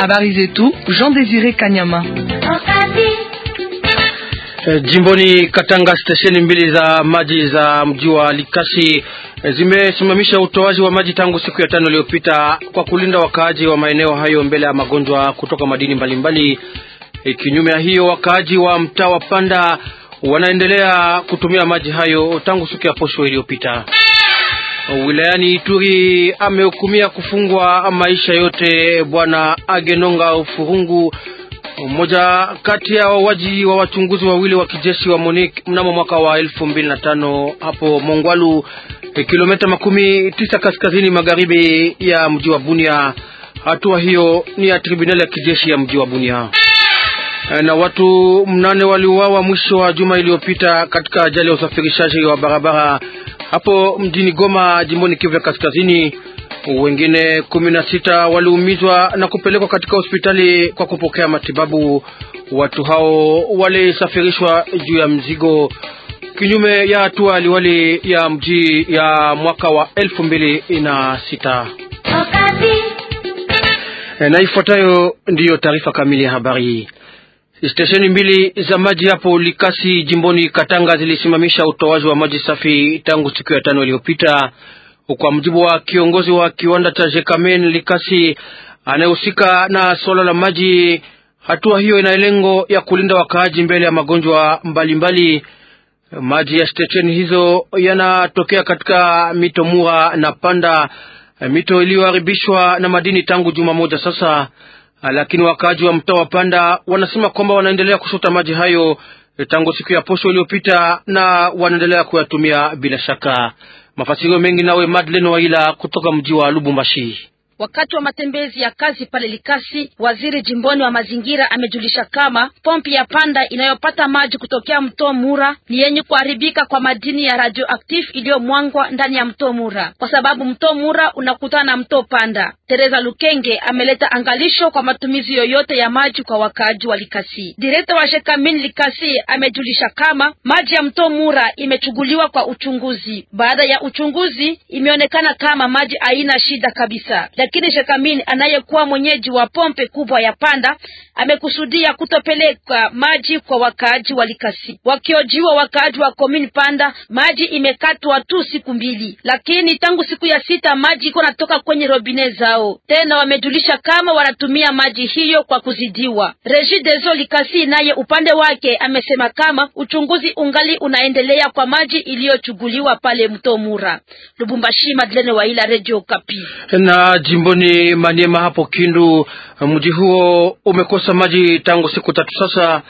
Habari zetu Jean Désiré Kanyama. Eh, jimboni Katanga, stesheni mbili za maji za mji wa Likasi eh, zimesimamisha utoaji wa maji tangu siku ya tano iliyopita kwa kulinda wakaaji wa maeneo hayo mbele ya magonjwa kutoka madini mbalimbali. E, kinyume ya hiyo wakaaji wa mtaa wa Panda wanaendelea kutumia maji hayo tangu siku ya posho iliyopita wilayani Ituri amehukumia kufungwa maisha yote bwana Agenonga Ufurungu, mmoja kati ya wawaji wa wachunguzi wawili wa kijeshi wa MONUC mnamo mwaka wa 2005 hapo Mongwalu, kilomita makumi tisa kaskazini magharibi ya mji wa Bunia. Hatua hiyo ni ya tribunali ya kijeshi ya mji wa Bunia. Na watu mnane waliuawa mwisho wa juma iliyopita katika ajali ya usafirishaji wa barabara hapo mjini Goma, jimboni Kivu ya Kaskazini. Wengine kumi na sita waliumizwa na kupelekwa katika hospitali kwa kupokea matibabu. Watu hao walisafirishwa juu ya mzigo, kinyume ya hatua liwali ya mji ya mwaka wa elfu mbili na sita. Na ifuatayo ndiyo taarifa kamili ya habari. Stesheni mbili za maji hapo Likasi jimboni Katanga zilisimamisha utoaji wa maji safi tangu siku ya tano iliyopita, kwa mjibu wa kiongozi wa kiwanda cha Jekamen Likasi anayehusika na suala la maji. Hatua hiyo ina lengo ya kulinda wakaaji mbele ya magonjwa mbalimbali mbali. Maji ya stesheni hizo yanatokea katika mito Mura na Panda, mito iliyoharibishwa na madini tangu juma moja sasa. Ah, lakini wakaaji wa mtaa wa Panda wanasema kwamba wanaendelea kushota maji hayo eh, tangu siku ya posho iliyopita na wanaendelea kuyatumia bila shaka. Mafasirio mengi nawe Madeleine Waila kutoka mji wa Lubumbashi. Wakati wa matembezi ya kazi pale Likasi, waziri jimboni wa mazingira amejulisha kama pompi ya Panda inayopata maji kutokea mto Mura ni yenye kuharibika kwa madini ya radioactive iliyomwangwa ndani ya mto Mura, kwa sababu mto Mura unakutana na mto Panda. Teresa Lukenge ameleta angalisho kwa matumizi yoyote ya maji kwa wakaaji wa Likasi. Direkta wa Jekamin Likasi amejulisha kama maji ya mto Mura imechuguliwa kwa uchunguzi. Baada ya uchunguzi, imeonekana kama maji haina shida kabisa lakini Jacquemin anayekuwa mwenyeji wa pompe kubwa ya Panda amekusudia kutopeleka maji kwa wakaaji wa Likasi. Wakiojiwa wakaaji wa komini Panda, maji imekatwa tu siku mbili, lakini tangu siku ya sita maji iko natoka kwenye robine zao. Tena wamejulisha kama wanatumia maji hiyo kwa kuzidiwa. Dezo Likasi naye upande wake amesema kama uchunguzi ungali unaendelea kwa maji iliyochuguliwa pale mto Mura. Lubumbashi, Madlene Waila, Radio Kapi na jimboni Maniema hapo Kindu. Mji huo umekosa maji tangu siku tatu sasa.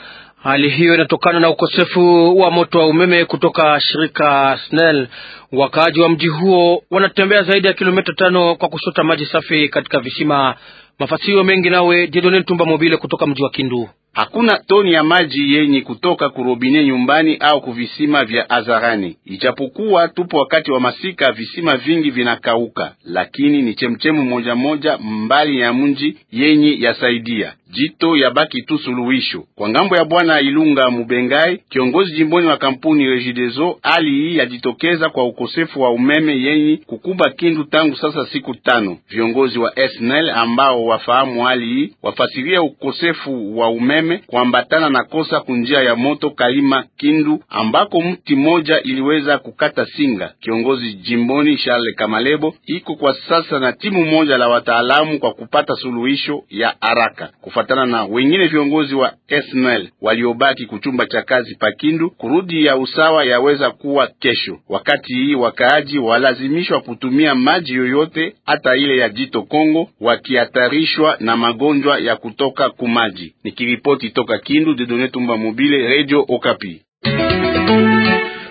Hali hiyo inatokana na ukosefu wa moto wa umeme kutoka shirika SNEL. Wakaaji wa mji huo wanatembea zaidi ya kilomita tano kwa kushota maji safi katika visima. Mafasio mengi nawe Jedone Tumba Mobile kutoka mji wa Kindu. Hakuna toni ya maji yenye kutoka kurobine nyumbani au kuvisima vya azarani. Ijapokuwa tupo wakati wa masika, visima vingi vinakauka, lakini ni chemchemu moja moja mbali ya mji yenye yasaidia jito baki tu suluhisho kwa ngambo ya Bwana Ilunga Mubengai, kiongozi jimboni wa kampuni Regideso. Hali hii yajitokeza kwa ukosefu wa umeme yenye kukumba Kindu tangu sasa siku tano. Viongozi wa SNEL ambao wafahamu hali hii wafasiria ukosefu wa umeme umeme kuambatana na kosa kunjia ya moto Kalima Kindu, ambako mti moja iliweza kukata singa. Kiongozi jimboni Charles Kamalebo iko kwa sasa na timu moja la wataalamu kwa kupata suluhisho ya haraka, kufatana na wengine viongozi wa SNL waliobaki kuchumba cha kazi pa Kindu. Kurudi ya usawa yaweza kuwa kesho. Wakati hii wakaaji walazimishwa kutumia maji yoyote, hata ile ya jito Kongo, wakihatarishwa na magonjwa ya kutoka kumaji. Nikiripo Ripoti toka Kindu, Dedone Tumba Mobile, Radio Okapi.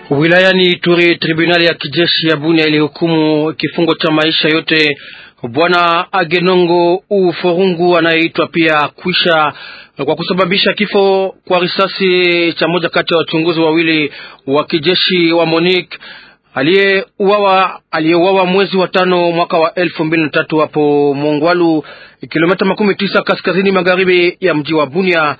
Wilayani Ituri, tribunali ya kijeshi ya Bunia ilihukumu kifungo cha maisha yote bwana Agenongo Uforungu anayeitwa pia Kwisha kwa kusababisha kifo kwa risasi cha moja kati ya wachunguzi wawili wa kijeshi wa Monique aliyeuawa aliyeuawa mwezi wa tano mwaka wa elfu mbili na tatu hapo Mongwalu, kilomita makumi tisa kaskazini magharibi ya mji wa Bunia.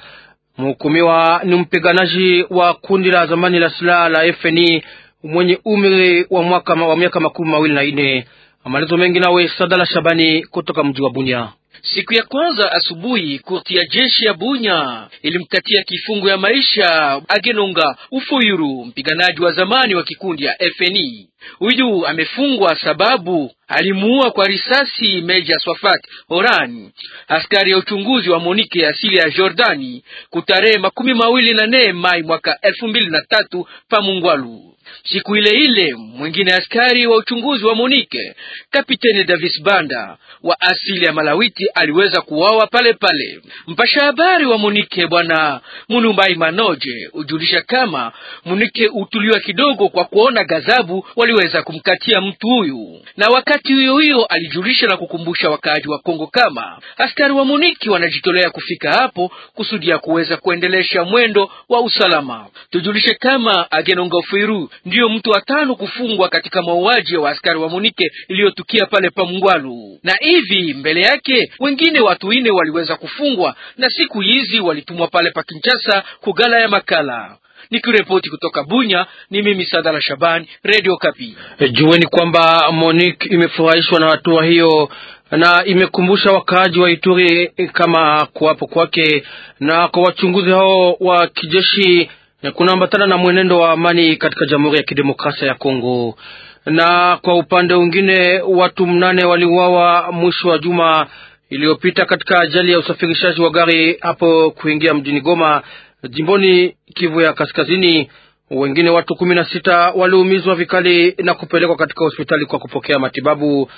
Mhukumiwa ni mpiganaji wa kundi la zamani la silaha la FNI mwenye umri wa mwaka wa miaka makumi mawili na nne. Maelezo mengi nawe Sadala Shabani kutoka mji wa Bunia. Siku ya kwanza asubuhi, kurti ya jeshi ya Bunya ilimkatia kifungo ya maisha Agenonga Ufuyuru, mpiganaji wa zamani wa kikundi ya FNI. Huyu amefungwa sababu alimuua kwa risasi Meja Swafat Horan, askari ya uchunguzi wa Monike asili ya Jordani, kutarehe makumi mawili na nne Mai mwaka elfu mbili na tatu Pamungwalu. Siku ile ile mwingine askari wa uchunguzi wa Monike Kapiteni Davis Banda wa asili ya Malawiti aliweza kuwawa pale pale. Mpasha habari wa Monike bwana Munumbai Manoje hujulisha kama Monike utuliwa kidogo kwa kuona ghadhabu wali waliweza kumkatia mtu huyu, na wakati huyo huyo alijulisha na kukumbusha wakaaji wa Kongo kama askari wa Muniki wanajitolea kufika hapo kusudi ya kuweza kuendelesha mwendo wa usalama. Tujulishe kama Agenonga Firu ndiyo mtu wa tano kufungwa katika mauaji wa askari wa Munike iliyotukia pale Pamngwalu, na hivi mbele yake wengine watu wine waliweza kufungwa na siku hizi walitumwa pale pa Kinshasa kugala ya makala Nikiripoti kutoka Bunya, ni mimi Sadala Shabani, Radio Kapi. Eh, jueni kwamba Monique imefurahishwa na hatua hiyo na imekumbusha wakaaji wa Ituri eh, kama kuwapo kwake na kwa wachunguzi hao wa kijeshi eh, kunaambatana na mwenendo wa amani katika Jamhuri ya Kidemokrasia ya Kongo. Na kwa upande mwingine, watu mnane waliuawa mwisho wa juma iliyopita katika ajali ya usafirishaji wa gari hapo kuingia mjini Goma jimboni Kivu ya Kaskazini. Wengine watu kumi na sita waliumizwa vikali na kupelekwa katika hospitali kwa kupokea matibabu.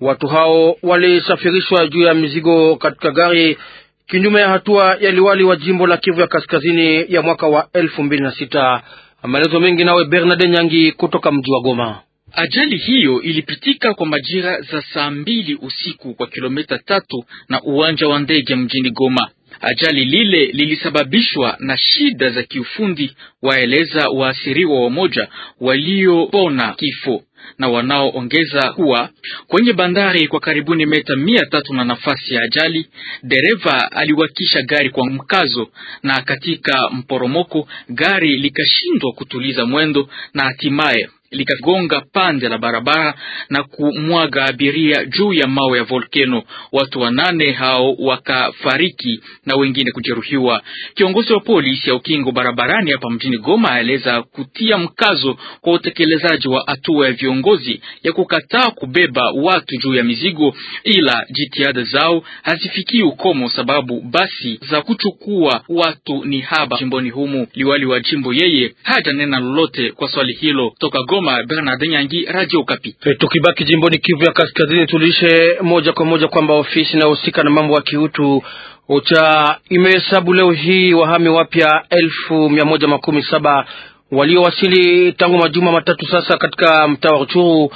Watu hao walisafirishwa juu ya mizigo katika gari kinyume ya hatua ya liwali wa jimbo la Kivu ya Kaskazini ya mwaka wa elfu mbili na sita. Maelezo mengi nawe Bernard Nyangi kutoka mji wa Goma. Ajali hiyo ilipitika kwa majira za saa mbili usiku kwa kilomita tatu na uwanja wa ndege mjini Goma. Ajali lile lilisababishwa na shida za kiufundi, waeleza waathiriwa wamoja waliopona kifo na wanaoongeza kuwa kwenye bandari kwa karibuni meta mia tatu na nafasi ya ajali, dereva aliwakisha gari kwa mkazo, na katika mporomoko gari likashindwa kutuliza mwendo na hatimaye likagonga pande la barabara na kumwaga abiria juu ya mawe ya volkeno. Watu wanane hao wakafariki na wengine kujeruhiwa. Kiongozi wa polisi ya ukingo barabarani hapa mjini Goma aeleza kutia mkazo kwa utekelezaji wa hatua ya viongozi ya kukataa kubeba watu juu ya mizigo, ila jitihada zao hazifikii ukomo sababu basi za kuchukua watu ni haba jimboni humu. Liwali wa jimbo yeye hajanena lolote kwa swali hilo toka Goma. Goma, Bernard Nyangi, Radio Kapi. E, tukibaki jimboni Kivu ya Kaskazini, tulishe moja kwa moja kwamba ofisi inayohusika na mambo ya kiutu OCHA imehesabu leo hii wahami wapya elfu mia moja makumi saba waliowasili tangu majuma matatu sasa katika mtaa wa Ruchuru.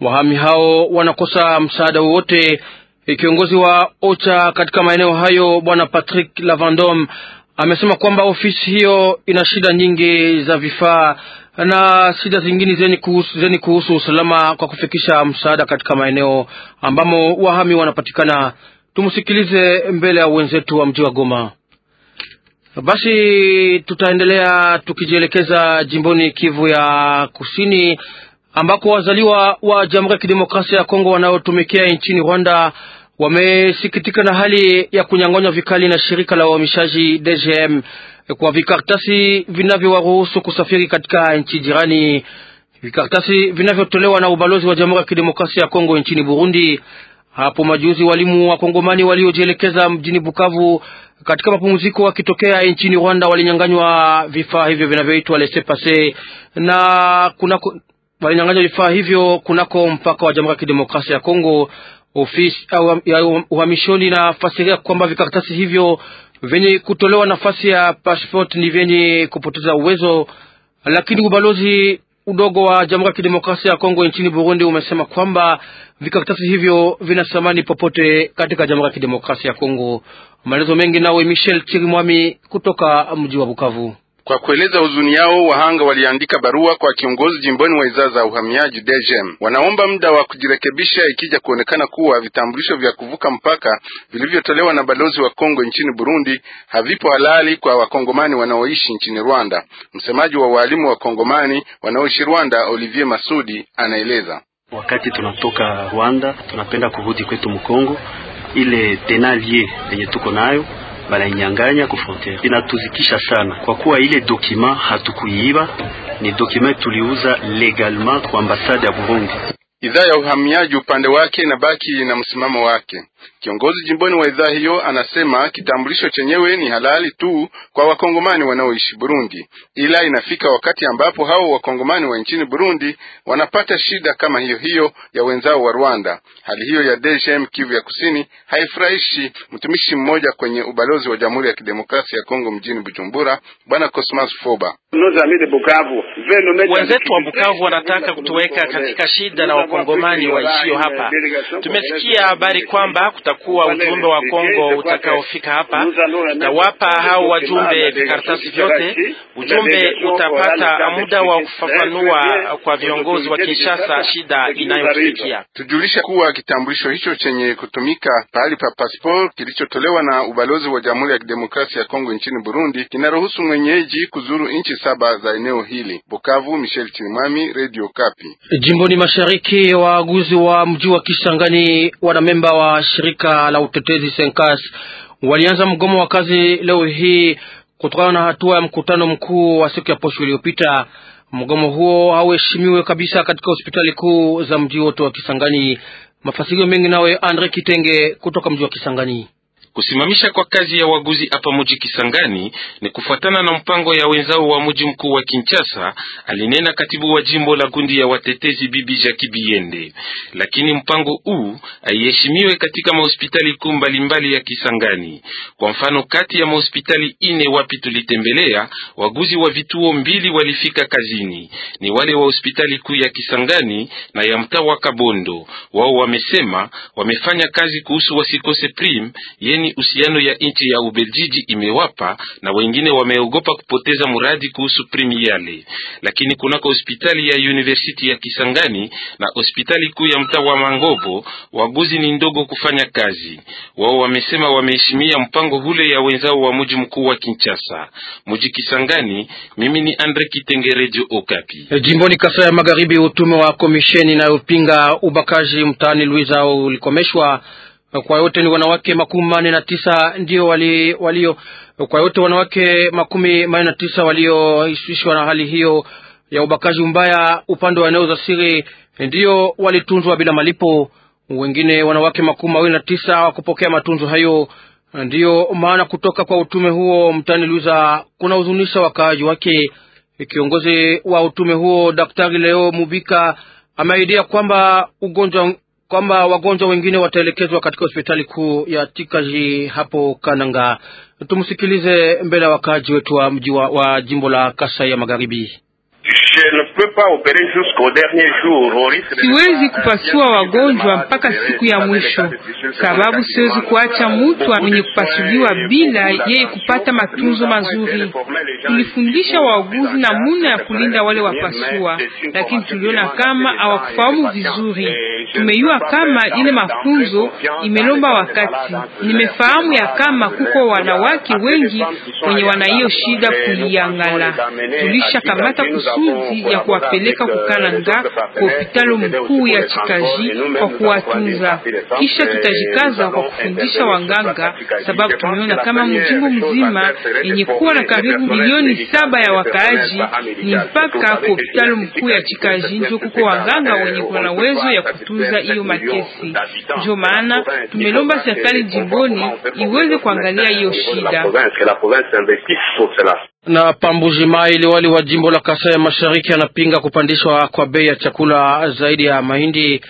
Wahami hao wanakosa msaada wowote. E, kiongozi wa OCHA katika maeneo hayo Bwana Patrick Lavandom amesema kwamba ofisi hiyo ina shida nyingi za vifaa na shida zingine zeni kuhusu, zeni kuhusu usalama kwa kufikisha msaada katika maeneo ambamo wahami wanapatikana. Tumsikilize mbele ya wenzetu wa mji wa Goma. Basi tutaendelea tukijielekeza jimboni Kivu ya Kusini ambako wazaliwa wa Jamhuri ya Kidemokrasia ya Kongo wanaotumikia nchini Rwanda wamesikitika na hali ya kunyang'anywa vikali na shirika la uhamishaji DGM E kwa vikartasi vinavyowaruhusu kusafiri katika nchi jirani, vikartasi vinavyotolewa na ubalozi wa Jamhuri ya Kidemokrasia ya Kongo nchini Burundi. Hapo majuzi walimu wa Kongomani waliojielekeza mjini Bukavu katika mapumziko wakitokea nchini Rwanda walinyanganywa vifaa hivyo vinavyoitwa laissez passer na kunako, walinyanganywa vifaa hivyo kunako mpaka wa Jamhuri ya Kidemokrasia ya Kongo. Ofisi ya uhamishoni na kwamba vikaratasi hivyo vyenye kutolewa nafasi ya passport ni vyenye kupoteza uwezo, lakini ubalozi udogo wa Jamhuri ya Kidemokrasia ya Kongo nchini Burundi umesema kwamba vikaratasi hivyo vina thamani popote katika Jamhuri ya Kidemokrasia ya Kongo. Maelezo mengi nawe Michel Chirimwami kutoka mji wa Bukavu. Kwa kueleza huzuni yao, wahanga waliandika barua kwa kiongozi jimboni wa idara za uhamiaji DGM. Wanaomba muda wa kujirekebisha ikija kuonekana kuwa vitambulisho vya kuvuka mpaka vilivyotolewa na balozi wa Kongo nchini Burundi havipo halali kwa wakongomani wanaoishi nchini Rwanda. Msemaji wa walimu wa kongomani wanaoishi Rwanda, Olivier Masudi, anaeleza wakati tunatoka Rwanda tunapenda kurudi kwetu Mkongo, ile tenalie yenye tuko nayo banainyanganya ku frontiere. Inatuzikisha sana kwa kuwa ile dokima hatukuiiba, ni dokima tuliuza legalement kwa ambasade ya Burundi. Idhaa ya uhamiaji upande wake inabaki na msimamo wake. Kiongozi jimboni wa idhaa hiyo anasema kitambulisho chenyewe ni halali tu kwa wakongomani wanaoishi Burundi, ila inafika wakati ambapo hao wakongomani wa nchini Burundi wanapata shida kama hiyo hiyo ya wenzao wa Rwanda. Hali hiyo ya DGM Kivu ya Kusini haifurahishi mtumishi mmoja kwenye ubalozi wa Jamhuri ya Kidemokrasia ya Kongo mjini Bujumbura, Bwana Cosmas Foba. Wenzetu wa Bukavu wanataka kutuweka katika shida na wakongomani waishio hapa. Tumesikia habari kwamba kutakuwa ujumbe wa Kongo utakaofika hapa. Tawapa hao wajumbe vikaratasi vyote. Ujumbe utapata muda wa kufafanua kwa viongozi wa Kinshasa shida inayofikia. tujulisha kuwa kitambulisho hicho chenye kutumika pahali pa passport kilichotolewa na ubalozi wa Jamhuri ya Kidemokrasia ya Kongo nchini Burundi kinaruhusu mwenyeji kuzuru nchi saba za eneo hili. Bukavu, Michel Chimami, Radio Kapi. Jimboni mashariki waaguzi wa mji wa Kisangani wana memba wa shirika la utetezi Senkas walianza mgomo wa kazi leo hii kutokana na hatua ya mkutano mkuu wa siku ya posho iliyopita. Mgomo huo hauheshimiwe kabisa katika hospitali kuu za mji wote wa Kisangani. Mafasirio mengi nawe Andre Kitenge kutoka mji wa Kisangani. Kusimamisha kwa kazi ya waguzi hapa muji Kisangani ni kufuatana na mpango ya wenzao wa muji mkuu wa Kinshasa, alinena katibu wa jimbo la kundi ya watetezi Bibi Jaki Biende. Lakini mpango huu haiheshimiwe katika mahospitali kuu mbalimbali ya Kisangani. Kwa mfano, kati ya mahospitali ine wapi tulitembelea, waguzi wa vituo mbili walifika kazini, ni wale wa hospitali kuu ya Kisangani na ya mtaa wa Kabondo. Wao wamesema wamefanya kazi kuhusu wasikose prim lakini uhusiano ya nchi ya Ubeljiji imewapa na wengine wameogopa kupoteza mradi kuhusu primi Lakini kunako hospitali ya University ya Kisangani na hospitali kuu ya mtaa wa Mangobo waguzi ni ndogo kufanya kazi. Wao wamesema wameheshimia mpango hule ya wenzao wa mji mkuu wa Kinshasa. Mji Kisangani, mimi ni Andre Kitengerejo Okapi. E, jimboni Kasa ya Magharibi, utume wa komisheni inayopinga ubakaji mtaani Luiza ulikomeshwa kwa yote ni wanawake makumi manne na tisa ndio walio kwa yote wanawake makumi manne na tisa waliohusishwa na hali hiyo ya ubakaji mbaya upande wa eneo za siri ndio walitunzwa bila malipo. Wengine wanawake makumi mawili na tisa wakupokea matunzo hayo. Ndiyo maana kutoka kwa utume huo mtani Luza kunahuzunisha wakaaji wake. Kiongozi wa utume huo Daktari Leo Mubika ameaidia kwamba ugonjwa kwamba wagonjwa wengine wataelekezwa katika hospitali kuu ya Tikaji hapo Kananga. Tumsikilize mbele ya wakaaji wetu wa mji wa jimbo la Kasai ya Magharibi siwezi kupasua wagonjwa mpaka siku ya mwisho, sababu siwezi kuacha mtu mwenye kupasuliwa bila yeye kupata matunzo mazuri. Tulifundisha wauguzi namuna ya kulinda wale wapasua, lakini tuliona kama hawakufahamu vizuri. Tumeyua kama ile mafunzo imelomba wakati. Nimefahamu ya kama kuko wanawake wengi wenye wana hiyo shida kuliangala. Tulishakamata kusudi ya kuwapeleka Kukalanga euh, kwa hospitali mkuu ya Chikaji kwa kuwatunza. Kisha tutajikaza kwa kufundisha wanganga, sababu eh, tumeona kama mjimbo mzima yenye kuwa na karibu milioni saba ya wakaaji ni mpaka kwa hospitali mkuu ya Chikaji ndio kuko wanganga wenye kuwa na uwezo ya kutunza hiyo makesi. Ndio maana tumelomba serikali jimboni iweze kuangalia hiyo shida na Pambuji Mai, liwali wa jimbo la Kasai Mashariki, anapinga kupandishwa kwa bei ya chakula zaidi ya mahindi.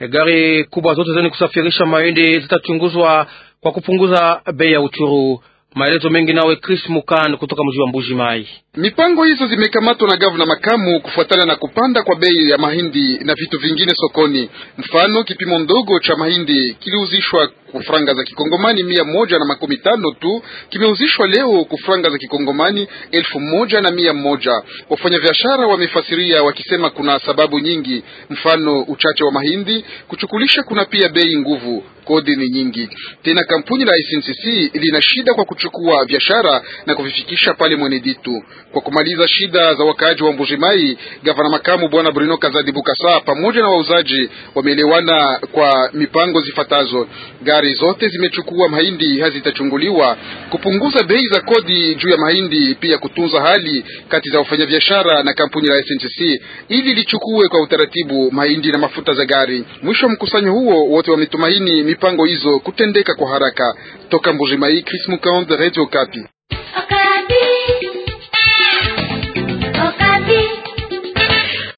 E, gari kubwa zote zenye kusafirisha mahindi zitachunguzwa kwa kupunguza bei ya uchuru. Maelezo mengi nawe Chris Mukan kutoka mji wa Mbuji Mai. Mipango hizo zimekamatwa na gavana makamu kufuatana na kupanda kwa bei ya mahindi na vitu vingine sokoni. Mfano, kipimo ndogo cha mahindi kiliuzishwa kufranga za kikongomani mia moja na makumi tano tu kimeuzishwa leo kufranga za kikongomani elfu moja na mia moja. Wafanyabiashara wamefasiria wakisema kuna sababu nyingi, mfano uchache wa mahindi kuchukulisha, kuna pia bei nguvu, kodi ni nyingi. Tena kampuni la SNCC lina shida kwa kuchukua biashara na kuvifikisha pale Mweneditu. Kwa kumaliza shida za wakaaji wa Mbujimai, gavana makamu bwana Bruno Kazadi Bukasa pamoja na wauzaji wameelewana kwa mipango zifatazo gari serikali zote zimechukua mahindi hazitachunguliwa, kupunguza bei za kodi juu ya mahindi, pia kutunza hali kati za wafanyabiashara na kampuni la SNCC ili lichukue kwa utaratibu mahindi na mafuta za gari. Mwisho wa mkusanyo huo, wote wametumaini mipango hizo kutendeka kwa haraka. Toka Mbujimai, Chris Mukonde, Radio Kapi.